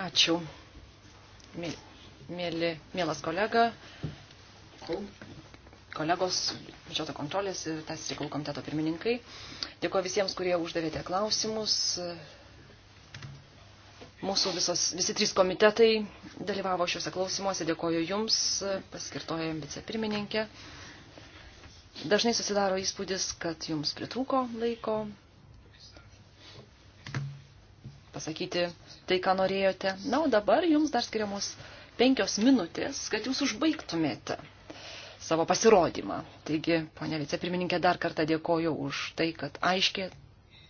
Ačiū. Mėly, mielas kolega, kolegos, biudžeto kontrolės ir tas reikalų komiteto pirmininkai. Dėkuoju visiems, kurie uždavėte klausimus. Mūsų visos, visi trys komitetai dalyvavo šiuose klausimuose. Dėkoju Jums, paskirtojam vicepirmininkė. Dažnai susidaro įspūdis, kad Jums pritrūko laiko, pasakyti tai, ką norėjote. Na, o dabar jums dar skiriamos penkios minutės, kad jūs užbaigtumėte savo pasirodymą. Taigi, ponia vicepirmininkė, dar kartą dėkoju už tai, kad aiškiai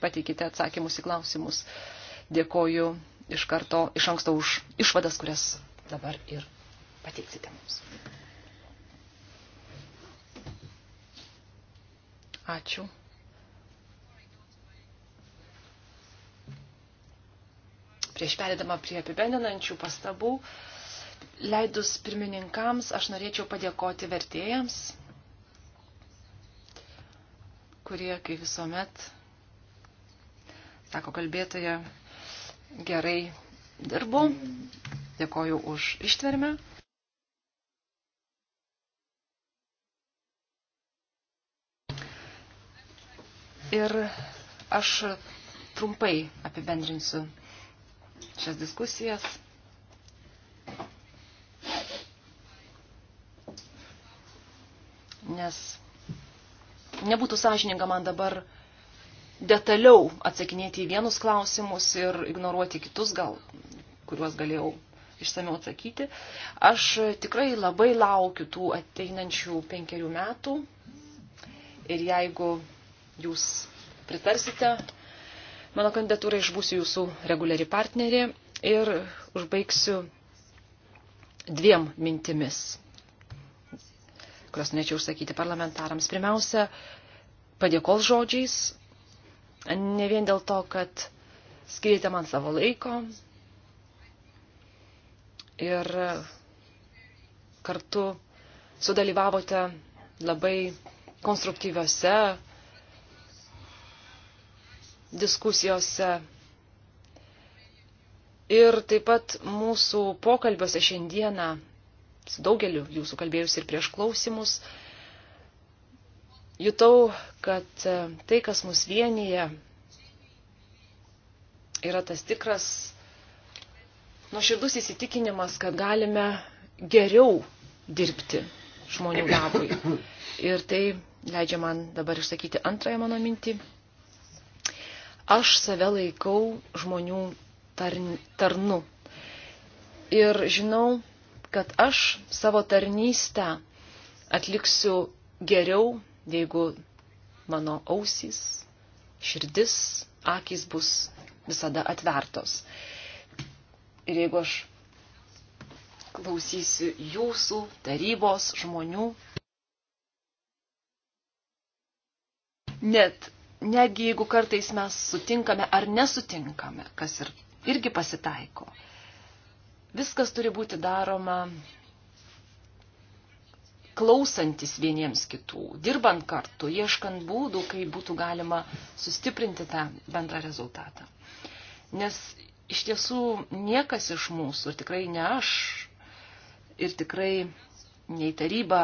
pateikite atsakymus į klausimus. Dėkoju iš karto, iš anksto už išvadas, kurias dabar ir pateiksite mums. Ačiū. prieš perėdama prie apibendinančių pastabų, leidus pirmininkams, aš norėčiau padėkoti vertėjams, kurie, kaip visuomet, sako kalbėtoja, gerai dirbu. Dėkoju už ištvermę. Ir aš trumpai apibendrinsiu šias diskusijas. Nes nebūtų sąžininga man dabar detaliau atsakinėti į vienus klausimus ir ignoruoti kitus, gal, kuriuos galėjau išsamiau atsakyti. Aš tikrai labai laukiu tų ateinančių penkerių metų ir jeigu jūs pritarsite mano kandidatūrą, aš būsiu jūsų reguliari partnerė ir užbaigsiu dviem mintimis, kurios norėčiau užsakyti parlamentarams. Pirmiausia, padėkos žodžiais, ne vien dėl to, kad skirėte man savo laiko ir kartu sudalyvavote labai konstruktyviose diskusijose ir taip pat mūsų pokalbiuose šiandieną su daugeliu jūsų kalbėjus ir prieš klausimus. Jutau, kad e, tai, kas mus vienyje, yra tas tikras nuoširdus įsitikinimas, kad galime geriau dirbti žmonių labui. Ir tai leidžia man dabar išsakyti antrąją mano mintį. Aš save laikau žmonių tarnu. Ir žinau, kad aš savo tarnystę atliksiu geriau, jeigu mano ausys, širdis, akis bus visada atvertos. Ir jeigu aš klausysiu jūsų tarybos žmonių, net netgi jeigu kartais mes sutinkame ar nesutinkame, kas ir, irgi pasitaiko, viskas turi būti daroma klausantis vieniems kitų, dirbant kartu, ieškant būdų, kaip būtų galima sustiprinti tą bendrą rezultatą. Nes iš tiesų niekas iš mūsų, ir tikrai ne aš, ir tikrai nei taryba,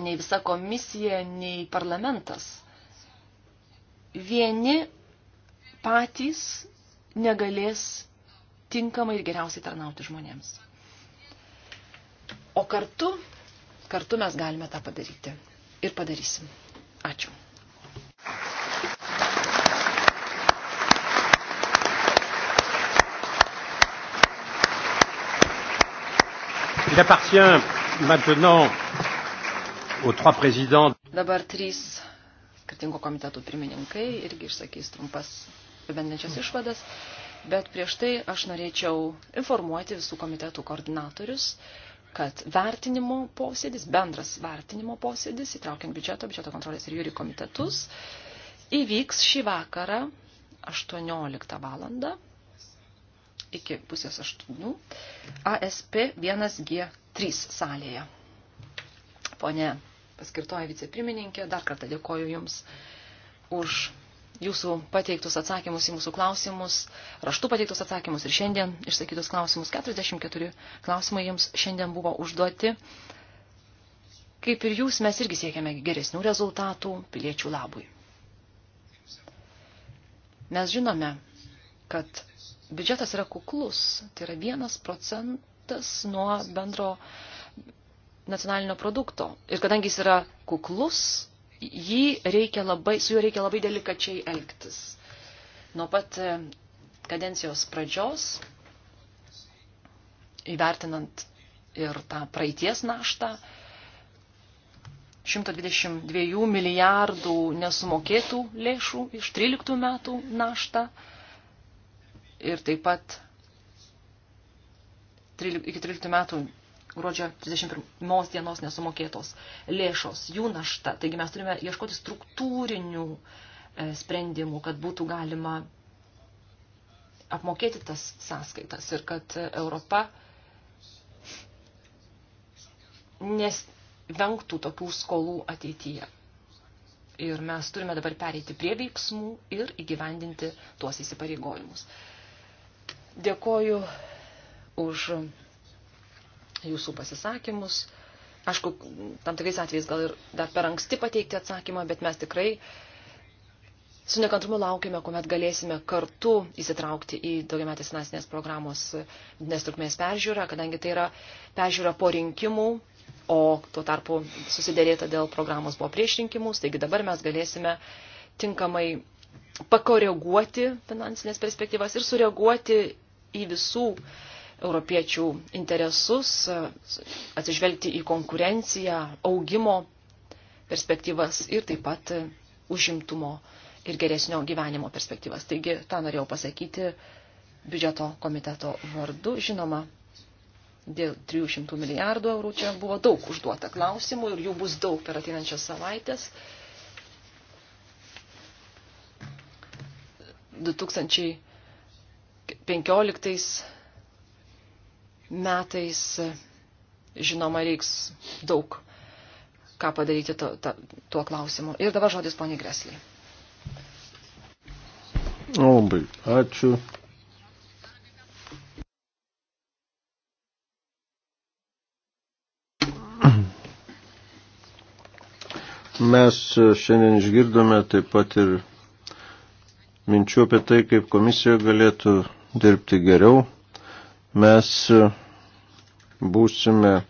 nei visa komisija, nei parlamentas vieni patys negalės tinkamai ir geriausiai tarnauti žmonėms. O kartu, kartu mes galime tą padaryti. Ir padarysim. Ačiū. Il appartient maintenant aux trois présidents. Dabar trys skirtingų komitetų pirmininkai irgi išsakys trumpas apibendrinčias išvadas. Bet prieš tai aš norėčiau informuoti visų komitetų koordinatorius, kad vertinimo posėdis, bendras vertinimo posėdis, įtraukiant biudžeto, biudžeto kontrolės ir jūri komitetus, įvyks šį vakarą 18 valandą iki pusės 8 ASP 1G3 salėje. Pone paskirtoji vicepirmininkė. Dar kartą dėkoju Jums už Jūsų pateiktus atsakymus į mūsų klausimus, raštų pateiktus atsakymus ir šiandien išsakytus klausimus. 44 klausimai Jums šiandien buvo užduoti. Kaip ir Jūs, mes irgi siekiame geresnių rezultatų piliečių labui. Mes žinome, kad biudžetas yra kuklus, tai yra vienas procentas nuo bendro uh, nacionalinio produkto. Ir kadangi jis yra kuklus, jį reikia labai, su juo reikia labai delikačiai elgtis. Nuo pat e, kadencijos pradžios, įvertinant ir tą praeities naštą, 122 milijardų nesumokėtų lėšų iš 13 metų naštą ir taip pat iki 13 metų gruodžio 31 dienos nesumokėtos lėšos, jų našta. Taigi mes turime ieškoti struktūrinių e, sprendimų, kad būtų galima apmokėti tas sąskaitas ir kad e, Europa nes vengtų tokių skolų ateityje. Ir mes turime dabar pereiti prie veiksmų ir įgyvendinti tuos įsipareigojimus. Dėkoju už jūsų pasisakymus. Aišku, tam tikrais atvejais gal ir dar per anksti pateikti atsakymą, bet mes tikrai su nekantrumu laukime, kuomet galėsime kartu įsitraukti į daugiametės finansinės programos didinės trukmės peržiūrą, kadangi tai yra peržiūra po rinkimų, o tuo tarpu susidėrėta dėl programos buvo prieš rinkimus, taigi dabar mes galėsime tinkamai pakoreguoti finansinės perspektyvas ir sureaguoti į visų uh, europiečių interesus, atsižvelgti į konkurenciją, augimo perspektyvas ir taip pat užimtumo ir geresnio gyvenimo perspektyvas. Taigi tą norėjau pasakyti biudžeto komiteto vardu. Žinoma, dėl 300 milijardų eurų čia buvo daug užduota klausimų ir jų bus daug per ateinančias savaitės. 2015 metais, žinoma, reiks daug ką padaryti to, to, tuo klausimu. Ir dabar žodis poniai Greslį. Nu, labai ačiū. Mes šiandien išgirdome taip pat ir minčių apie tai, kaip komisija galėtų dirbti geriau. Mes e, būsime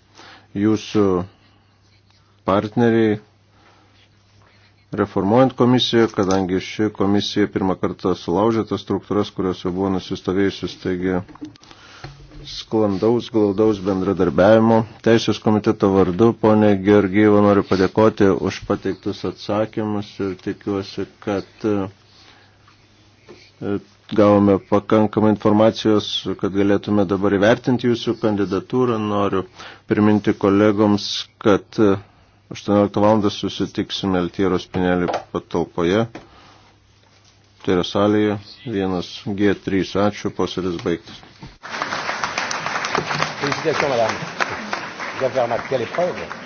jūsų partneriai reformuojant komisiją, kadangi ši komisija pirmą kartą sulaužė tas struktūras, kurios jau buvo nusistovėjusios, taigi sklandaus, glaudaus bendradarbiavimo. Teisės komiteto vardu, ponė Georgieva, noriu padėkoti už pateiktus atsakymus ir tikiuosi, kad e, gavome pakankamą informacijos, kad galėtume dabar įvertinti jūsų kandidatūrą. Noriu priminti kolegoms, kad 18 val. susitiksime Altieros pinelį patalpoje. Tai yra salėje 1G3. Ačiū, posėdis baigtas. Félicitations, madame. Vous avez remarqué l'épreuve.